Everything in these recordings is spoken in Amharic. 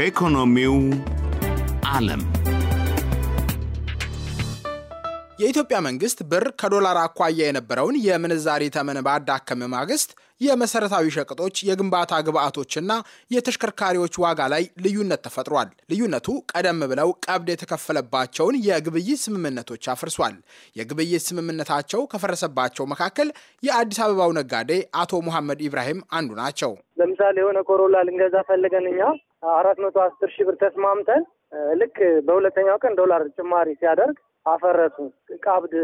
ከኢኮኖሚው ዓለም የኢትዮጵያ መንግስት ብር ከዶላር አኳያ የነበረውን የምንዛሪ ተመን ባዳከመ ማግስት የመሰረታዊ ሸቀጦች የግንባታ ግብዓቶችና የተሽከርካሪዎች ዋጋ ላይ ልዩነት ተፈጥሯል። ልዩነቱ ቀደም ብለው ቀብድ የተከፈለባቸውን የግብይት ስምምነቶች አፍርሷል። የግብይት ስምምነታቸው ከፈረሰባቸው መካከል የአዲስ አበባው ነጋዴ አቶ መሐመድ ኢብራሂም አንዱ ናቸው። ለምሳሌ የሆነ ኮሮላ ልንገዛ ፈልገን እኛ አራት መቶ አስር ሺህ ብር ተስማምተን ልክ በሁለተኛው ቀን ዶላር ጭማሪ ሲያደርግ አፈረሱ። ቀብድ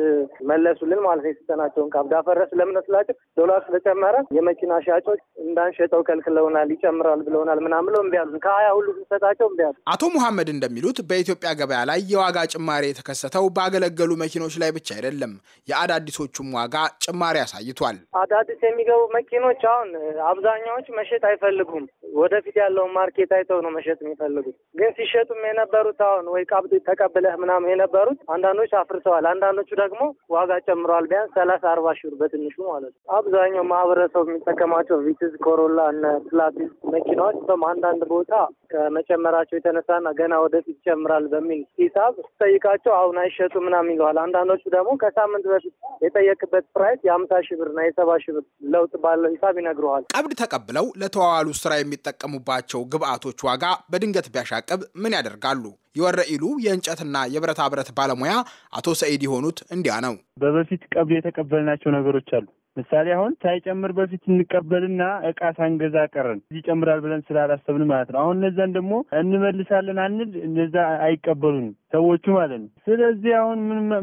መለሱልን ማለት ነው። የሰጠናቸውን ቀብድ አፈረሱ። ለምን ስላቸው ዶላር ስለጨመረ የመኪና ሻጮች እንዳንሸጠው ከልክለውናል፣ ይጨምራል ብለውናል ምናምን ብለው እምቢ አሉን። ከሀያ ሁሉ ስንሰጣቸው እምቢ አሉ። አቶ ሙሐመድ እንደሚሉት በኢትዮጵያ ገበያ ላይ የዋጋ ጭማሪ የተከሰተው ባገለገሉ መኪኖች ላይ ብቻ አይደለም። የአዳዲሶቹም ዋጋ ጭማሪ አሳይቷል። አዳዲስ የሚገቡ መኪኖች አሁን አብዛኛዎች መሸጥ አይፈልጉም። ወደፊት ያለውን ማርኬት አይተው ነው መሸጥ የሚፈልጉት። ግን ሲሸጡም የነበሩት አሁን ወይ ቀብድ ተቀብለህ ምናምን የነበሩት አንዳንዶች አፍርተዋል፣ አንዳንዶቹ ደግሞ ዋጋ ጨምረዋል። ቢያንስ ሰላሳ አርባ ሺህ ብር በትንሹ ማለት ነው። አብዛኛው ማህበረሰቡ የሚጠቀማቸው ቪትዝ፣ ኮሮላ፣ እነ ፕላቲስ መኪናዎች በም አንዳንድ ቦታ ከመጨመራቸው የተነሳና ገና ወደፊት ይጨምራል በሚል ሂሳብ ጠይቃቸው አሁን አይሸጡ ምናምን ይለዋል። አንዳንዶቹ ደግሞ ከሳምንት በፊት የጠየቅበት ፕራይስ የአምሳ ሺህ ብር እና የሰባ ሺህ ብር ለውጥ ባለው ሂሳብ ይነግረዋል። ቀብድ ተቀብለው ለተዋዋሉ ስራ የሚጠቀሙባቸው ግብአቶች ዋጋ በድንገት ቢያሻቅብ ምን ያደርጋሉ? የወረኢሉ የእንጨትና የብረታ ብረት ባለሙያ አቶ ሰኢድ የሆኑት እንዲያ ነው። በበፊት ቀብድ የተቀበልናቸው ነገሮች አሉ ምሳሌ አሁን ሳይጨምር በፊት እንቀበልና እቃ ሳንገዛ ቀረን ይጨምራል ብለን ስላላሰብን ማለት ነው። አሁን እነዛን ደግሞ እንመልሳለን አንል እነዛ አይቀበሉንም ሰዎቹ ማለት ነው። ስለዚህ አሁን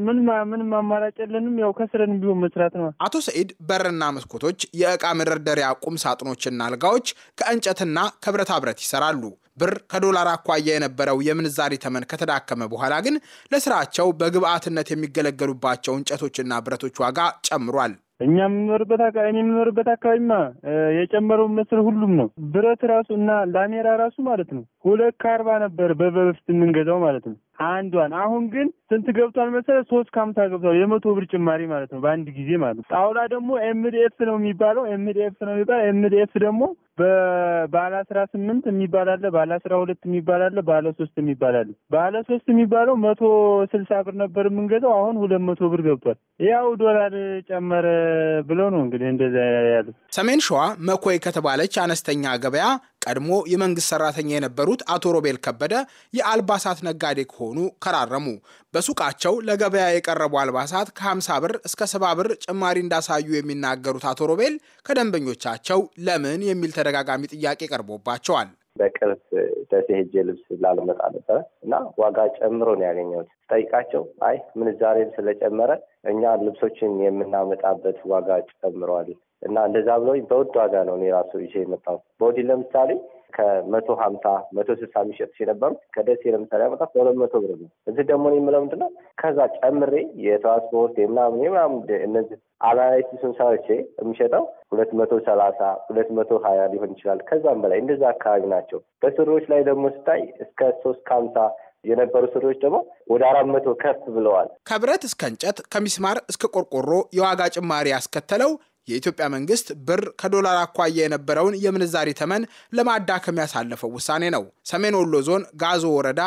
ምን አማራጭ የለንም፣ ያው ከስረን ቢሆን መስራት ነው። አቶ ሰኢድ በርና መስኮቶች፣ የእቃ መደርደሪያ ቁም ሳጥኖችና አልጋዎች ከእንጨትና ከብረታ ብረት ይሰራሉ። ብር ከዶላር አኳያ የነበረው የምንዛሪ ተመን ከተዳከመ በኋላ ግን ለስራቸው በግብአትነት የሚገለገሉባቸው እንጨቶችና ብረቶች ዋጋ ጨምሯል። እኛ የምንኖርበት አካባቢ እኔ የምኖርበት አካባቢማ የጨመረው መስል ሁሉም ነው። ብረት ራሱ እና ላሜራ ራሱ ማለት ነው ሁለት ከአርባ ነበር በበፊት የምንገዛው ማለት ነው አንዷን። አሁን ግን ስንት ገብቷል መሰለህ? ሶስት ከሀምሳ ገብቷል። የመቶ ብር ጭማሪ ማለት ነው በአንድ ጊዜ ማለት ነው። ጣውላ ደግሞ ኤምዲኤፍ ነው የሚባለው ኤምዲኤፍ ነው የሚባለው ኤምዲኤፍ ደግሞ በባለ አስራ ስምንት የሚባል አለ፣ ባለ አስራ ሁለት የሚባል አለ፣ ባለ ሶስት የሚባል አለ። ባለ ሶስት የሚባለው መቶ ስልሳ ብር ነበር የምንገዛው አሁን ሁለት መቶ ብር ገብቷል። ያው ዶላር ጨመረ ብለው ነው እንግዲህ እንደዚያ ያሉት። ሰሜን ሸዋ መኮይ ከተባለች አነስተኛ ገበያ ቀድሞ የመንግስት ሰራተኛ የነበሩት አቶ ሮቤል ከበደ የአልባሳት ነጋዴ ከሆኑ ከራረሙ። በሱቃቸው ለገበያ የቀረቡ አልባሳት ከ50 ብር እስከ 70 ብር ጭማሪ እንዳሳዩ የሚናገሩት አቶ ሮቤል ከደንበኞቻቸው ለምን የሚል ተደጋጋሚ ጥያቄ ቀርቦባቸዋል። በቅርብ ደሴ ሄጄ ልብስ ላልመጣ ነበረ እና ዋጋ ጨምሮ ነው ያገኘሁት። ጠይቃቸው አይ ምንዛሬም ስለጨመረ እኛ ልብሶችን የምናመጣበት ዋጋ ጨምሯል እና እንደዛ ብለውኝ በውድ ዋጋ ነው እኔ ራሱ ይዤ የመጣው ቦዲን ለምሳሌ ከመቶ ሀምሳ መቶ ስልሳ የሚሸጥ ሲነበሩ ከደሴ ለምሳሌ ያመጣት በሁለት መቶ ብር ነው። እዚህ ደግሞ እኔ የምለው ምንድን ነው ከዛ ጨምሬ የትራንስፖርት የምናምን የምናምን እነዚህ አናላይሲሱን ሰርቼ የሚሸጠው ሁለት መቶ ሰላሳ ሁለት መቶ ሀያ ሊሆን ይችላል። ከዛም በላይ እንደዛ አካባቢ ናቸው። በስሮች ላይ ደግሞ ስታይ እስከ ሶስት ከሀምሳ የነበሩ ስሪዎች ደግሞ ወደ አራት መቶ ከፍ ብለዋል። ከብረት እስከ እንጨት ከሚስማር እስከ ቆርቆሮ የዋጋ ጭማሪ ያስከተለው የኢትዮጵያ መንግስት ብር ከዶላር አኳያ የነበረውን የምንዛሪ ተመን ለማዳከም ያሳለፈው ውሳኔ ነው። ሰሜን ወሎ ዞን ጋዞ ወረዳ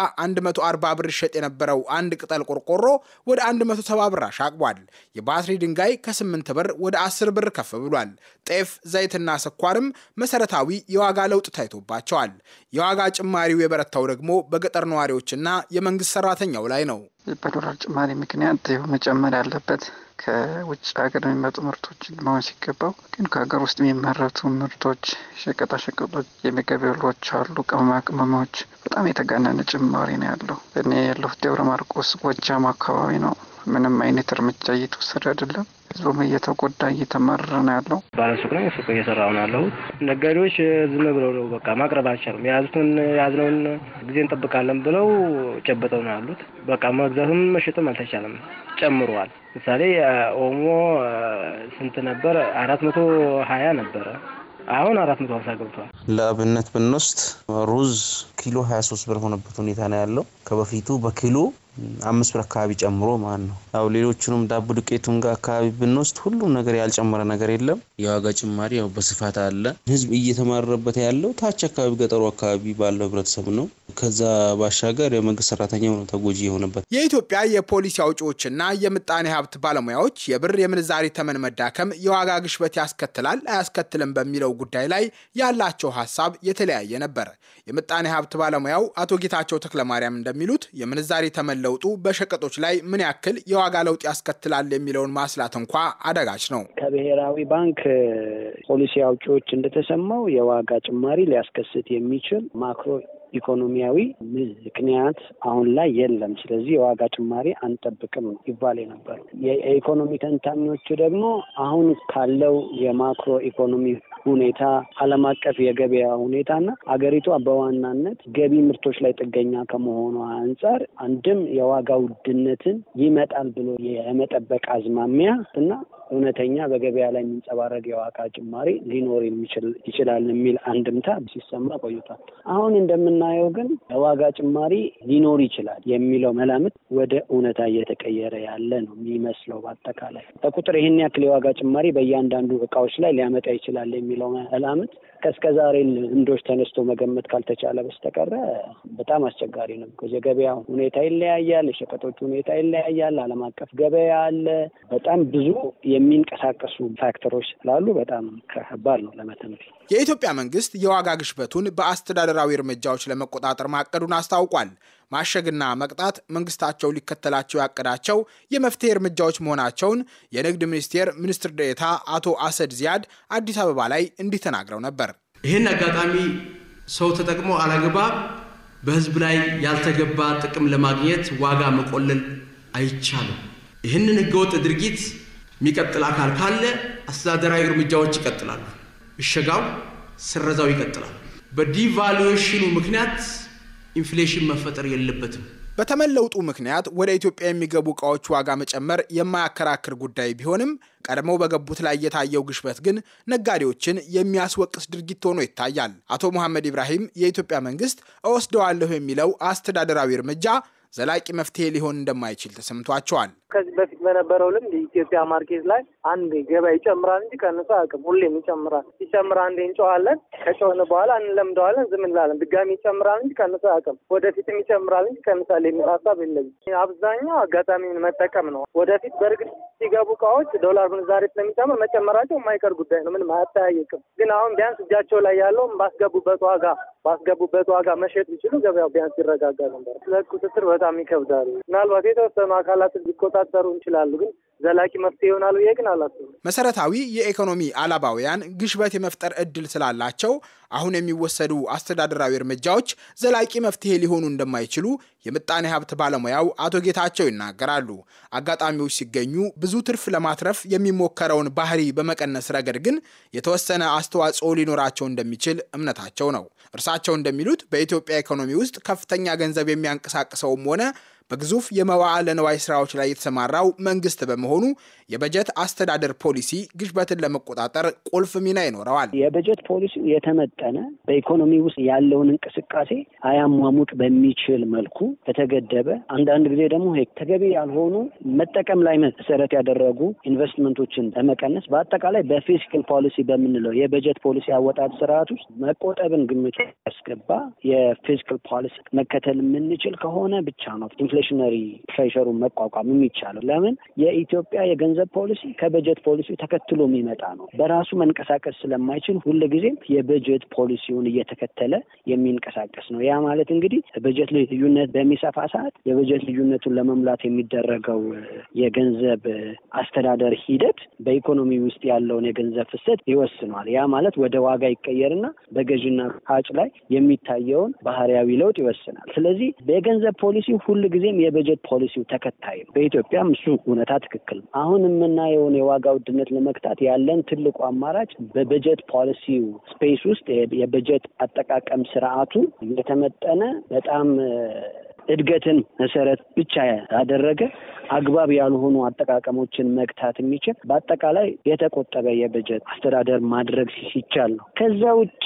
140 ብር ይሸጥ የነበረው አንድ ቅጠል ቆርቆሮ ወደ 170 ብር አሻቅቧል። የባትሪ ድንጋይ ከ8 ብር ወደ 10 ብር ከፍ ብሏል። ጤፍ፣ ዘይትና ስኳርም መሰረታዊ የዋጋ ለውጥ ታይቶባቸዋል። የዋጋ ጭማሪው የበረታው ደግሞ በገጠር ነዋሪዎችና የመንግስት ሰራተኛው ላይ ነው። በዶላር ጭማሪ ምክንያት መጨመር ያለበት ከውጭ ሀገር የሚመጡ ምርቶች መሆን ሲገባው ግን ከሀገር ውስጥ የሚመረቱ ምርቶች፣ ሸቀጣሸቀጦች፣ የምግብ እህሎች አሉ፣ ቅመማ ቅመሞች በጣም የተጋነነ ጭማሪ ነው ያለው። እኔ ያለሁት ደብረ ማርቆስ ጎጃም አካባቢ ነው። ምንም አይነት እርምጃ እየተወሰደ አይደለም። ህዝቡም እየተጎዳ እየተመረ ነው ያለው። ባለሱቅ ነው ሱቅ እየሰራሁ ነው ያለሁት። ነጋዴዎች ዝም ብለው ነው በቃ ማቅረብ አልቻሉም። የያዙትን የያዝነውን ጊዜ እንጠብቃለን ብለው ጨበጠው ነው ያሉት። በቃ መግዛትም መሸጥም አልተቻለም፣ ጨምረዋል። ምሳሌ ኦሞ ስንት ነበር? አራት መቶ ሀያ ነበረ አሁን አራት መቶ ሀምሳ ገብቷል። ለአብነት ብንወስድ ሩዝ ኪሎ ሀያ ሶስት ብር ሆነበት ሁኔታ ነው ያለው። ከበፊቱ በኪሎ አምስት ብር አካባቢ ጨምሮ ማለት ነው። ያው ሌሎቹንም ዳቦ ዱቄቱም ጋር አካባቢ ብንወስድ ሁሉም ነገር ያልጨመረ ነገር የለም። የዋጋ ጭማሪ ያው በስፋት አለ። ህዝብ እየተማረበት ያለው ታች አካባቢ ገጠሩ አካባቢ ባለው ህብረተሰብ ነው። ከዛ ባሻገር የመንግስት ሰራተኛው ነው ተጎጂ የሆነበት። የኢትዮጵያ የፖሊሲ አውጪዎችና የምጣኔ ሀብት ባለሙያዎች የብር የምንዛሪ ተመን መዳከም የዋጋ ግሽበት ያስከትላል አያስከትልም በሚለው ጉዳይ ላይ ያላቸው ሀሳብ የተለያየ ነበር። የምጣኔ ሀብት ባለሙያው አቶ ጌታቸው ተክለማርያም እንደሚሉት የምንዛሪ ተመን ለውጡ በሸቀጦች ላይ ምን ያክል የዋጋ ለውጥ ያስከትላል የሚለውን ማስላት እንኳ አደጋች ነው። ከብሔራዊ ባንክ ፖሊሲ አውጪዎች እንደተሰማው የዋጋ ጭማሪ ሊያስከስት የሚችል ማክሮ ኢኮኖሚያዊ ምክንያት አሁን ላይ የለም። ስለዚህ የዋጋ ጭማሪ አንጠብቅም ይባል የነበረው የኢኮኖሚ ተንታኞቹ ደግሞ አሁን ካለው የማክሮ ኢኮኖሚ ሁኔታ፣ ዓለም አቀፍ የገበያ ሁኔታ እና አገሪቷ በዋናነት ገቢ ምርቶች ላይ ጥገኛ ከመሆኗ አንጻር አንድም የዋጋ ውድነትን ይመጣል ብሎ የመጠበቅ አዝማሚያ እና እውነተኛ በገበያ ላይ የሚንጸባረቅ የዋጋ ጭማሪ ሊኖር ይችላል የሚል አንድምታ ሲሰማ ቆይቷል። አሁን እንደምናየው ግን የዋጋ ጭማሪ ሊኖር ይችላል የሚለው መላምት ወደ እውነታ እየተቀየረ ያለ ነው የሚመስለው። በአጠቃላይ በቁጥር ይህን ያክል የዋጋ ጭማሪ በእያንዳንዱ እቃዎች ላይ ሊያመጣ ይችላል የሚ የሚለው አላምት ከእስከ ዛሬ ልምዶች ተነስቶ መገመት ካልተቻለ በስተቀረ በጣም አስቸጋሪ ነው። የገበያ ሁኔታ ይለያያል፣ የሸቀጦች ሁኔታ ይለያያል፣ ዓለም አቀፍ ገበያ አለ። በጣም ብዙ የሚንቀሳቀሱ ፋክተሮች ስላሉ በጣም ከባድ ነው ለመተንበይ። የኢትዮጵያ መንግስት የዋጋ ግሽበቱን በአስተዳደራዊ እርምጃዎች ለመቆጣጠር ማቀዱን አስታውቋል። ማሸግና መቅጣት መንግስታቸው ሊከተላቸው ያቀዳቸው የመፍትሄ እርምጃዎች መሆናቸውን የንግድ ሚኒስቴር ሚኒስትር ዴኤታ አቶ አሰድ ዚያድ አዲስ አበባ ላይ እንዲህ ተናግረው ነበር። ይህን አጋጣሚ ሰው ተጠቅሞ አላግባብ በህዝብ ላይ ያልተገባ ጥቅም ለማግኘት ዋጋ መቆለል አይቻልም። ይህንን ህገወጥ ድርጊት የሚቀጥል አካል ካለ አስተዳደራዊ እርምጃዎች ይቀጥላሉ። እሸጋው፣ ስረዛው ይቀጥላል። በዲቫሉዌሽኑ ምክንያት ኢንፍሌሽን መፈጠር የለበትም። በተመለውጡ ምክንያት ወደ ኢትዮጵያ የሚገቡ ዕቃዎች ዋጋ መጨመር የማያከራክር ጉዳይ ቢሆንም ቀድመው በገቡት ላይ የታየው ግሽበት ግን ነጋዴዎችን የሚያስወቅስ ድርጊት ሆኖ ይታያል። አቶ መሐመድ ኢብራሂም የኢትዮጵያ መንግስት እወስደዋለሁ የሚለው አስተዳደራዊ እርምጃ ዘላቂ መፍትሄ ሊሆን እንደማይችል ተሰምቷቸዋል። ከዚህ በፊት በነበረው ልምድ ኢትዮጵያ ማርኬት ላይ አንዴ ገበያ ይጨምራል እንጂ ቀንሶ አያውቅም። ሁሌም ይጨምራል። ሲጨምር አንዴ እንጨዋለን። ከጨውን በኋላ እንለምደዋለን፣ ዝም እንላለን። ድጋሚ ይጨምራል እንጂ ቀንሶ አያውቅም። ወደፊትም ይጨምራል እንጂ ቀንሳል የሚል ሀሳብ የለኝም። አብዛኛው አጋጣሚን መጠቀም ነው። ወደፊት በእርግጥ ሲገቡ እቃዎች ዶላር ምንዛሬ ስለሚጨምር መጨመራቸው የማይቀር ጉዳይ ነው። ምንም አያጠያይቅም። ግን አሁን ቢያንስ እጃቸው ላይ ያለውም ባስገቡበት ዋጋ ባስገቡበት ዋጋ መሸጥ ይችሉ ገበያው ቢያንስ ይረጋጋ ነበር። ስለ ቁጥጥር በጣም ይከብዳል። ምናልባት የተወሰኑ አካላት ሊቆጣ ሊቆጣጠሩ እንችላሉ ግን ዘላቂ መፍትሄ ይሆናሉ ይሄ ግን አላስብም። መሰረታዊ የኢኮኖሚ አላባውያን ግሽበት የመፍጠር እድል ስላላቸው አሁን የሚወሰዱ አስተዳደራዊ እርምጃዎች ዘላቂ መፍትሄ ሊሆኑ እንደማይችሉ የምጣኔ ሀብት ባለሙያው አቶ ጌታቸው ይናገራሉ። አጋጣሚዎች ሲገኙ ብዙ ትርፍ ለማትረፍ የሚሞከረውን ባህሪ በመቀነስ ረገድ ግን የተወሰነ አስተዋጽኦ ሊኖራቸው እንደሚችል እምነታቸው ነው። እርሳቸው እንደሚሉት በኢትዮጵያ ኢኮኖሚ ውስጥ ከፍተኛ ገንዘብ የሚያንቀሳቅሰውም ሆነ በግዙፍ የመዋዕለ ንዋይ ስራዎች ላይ የተሰማራው መንግስት በመሆኑ የበጀት አስተዳደር ፖሊሲ ግሽበትን ለመቆጣጠር ቁልፍ ሚና ይኖረዋል። የበጀት ፖሊሲው የተመጠነ በኢኮኖሚ ውስጥ ያለውን እንቅስቃሴ አያሟሙቅ በሚችል መልኩ በተገደበ አንዳንድ ጊዜ ደግሞ ተገቢ ያልሆኑ መጠቀም ላይ መሰረት ያደረጉ ኢንቨስትመንቶችን ለመቀነስ በአጠቃላይ በፊስካል ፖሊሲ በምንለው የበጀት ፖሊሲ አወጣት ስርዓት ውስጥ መቆጠብን ግምት ያስገባ የፊስካል ፖሊሲ መከተል የምንችል ከሆነ ብቻ ነው ኢንፍሌሽነሪ ፕሬሸሩን መቋቋም የሚቻለው ለምን የኢትዮጵያ የገንዘብ ፖሊሲ ከበጀት ፖሊሲ ተከትሎ የሚመጣ ነው። በራሱ መንቀሳቀስ ስለማይችል ጊዜም የበጀት ፖሊሲውን እየተከተለ የሚንቀሳቀስ ነው። ያ ማለት እንግዲህ በጀት ልዩነት በሚሰፋ ሰዓት የበጀት ልዩነቱን ለመሙላት የሚደረገው የገንዘብ አስተዳደር ሂደት በኢኮኖሚ ውስጥ ያለውን የገንዘብ ፍሰት ይወስኗል። ያ ማለት ወደ ዋጋ ይቀየርና በገዥና ሻጭ ላይ የሚታየውን ባህሪያዊ ለውጥ ይወስናል። ስለዚህ የገንዘብ ፖሊሲ ጊዜ ሁልጊዜም የበጀት ፖሊሲው ተከታይ ነው። በኢትዮጵያም እሱ እውነታ ትክክል ነው። አሁን የምናየውን የዋጋ ውድነት ለመግታት ያለን ትልቁ አማራጭ በበጀት ፖሊሲው ስፔስ ውስጥ የበጀት አጠቃቀም ስርዓቱ የተመጠነ በጣም እድገትን መሰረት ብቻ ያደረገ አግባብ ያልሆኑ አጠቃቀሞችን መግታት የሚችል በአጠቃላይ የተቆጠበ የበጀት አስተዳደር ማድረግ ሲቻል ነው። ከዛ ውጪ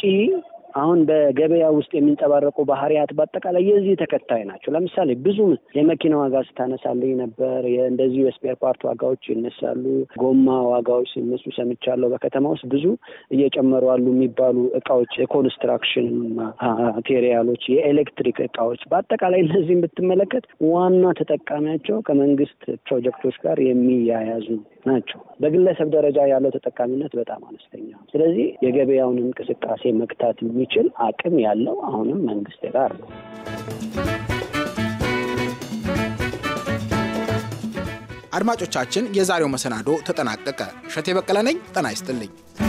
አሁን በገበያ ውስጥ የሚንጸባረቁ ባህሪያት በአጠቃላይ የዚህ ተከታይ ናቸው። ለምሳሌ ብዙ የመኪና ዋጋ ስታነሳልኝ ነበር። እንደዚሁ የስፔር ፓርት ዋጋዎች ይነሳሉ። ጎማ ዋጋዎች ሲነሱ ሰምቻለሁ። በከተማ ውስጥ ብዙ እየጨመሩ አሉ የሚባሉ እቃዎች፣ የኮንስትራክሽን ማቴሪያሎች፣ የኤሌክትሪክ እቃዎች በአጠቃላይ እነዚህም ብትመለከት ዋና ተጠቃሚያቸው ከመንግስት ፕሮጀክቶች ጋር የሚያያዙ ናቸው። በግለሰብ ደረጃ ያለው ተጠቃሚነት በጣም አነስተኛ። ስለዚህ የገበያውን እንቅስቃሴ መግታት የሚ የሚችል አቅም ያለው አሁንም መንግስት ጋር ነው። አድማጮቻችን፣ የዛሬው መሰናዶ ተጠናቀቀ። እሸቴ በቀለ ነኝ። ጤና ይስጥልኝ።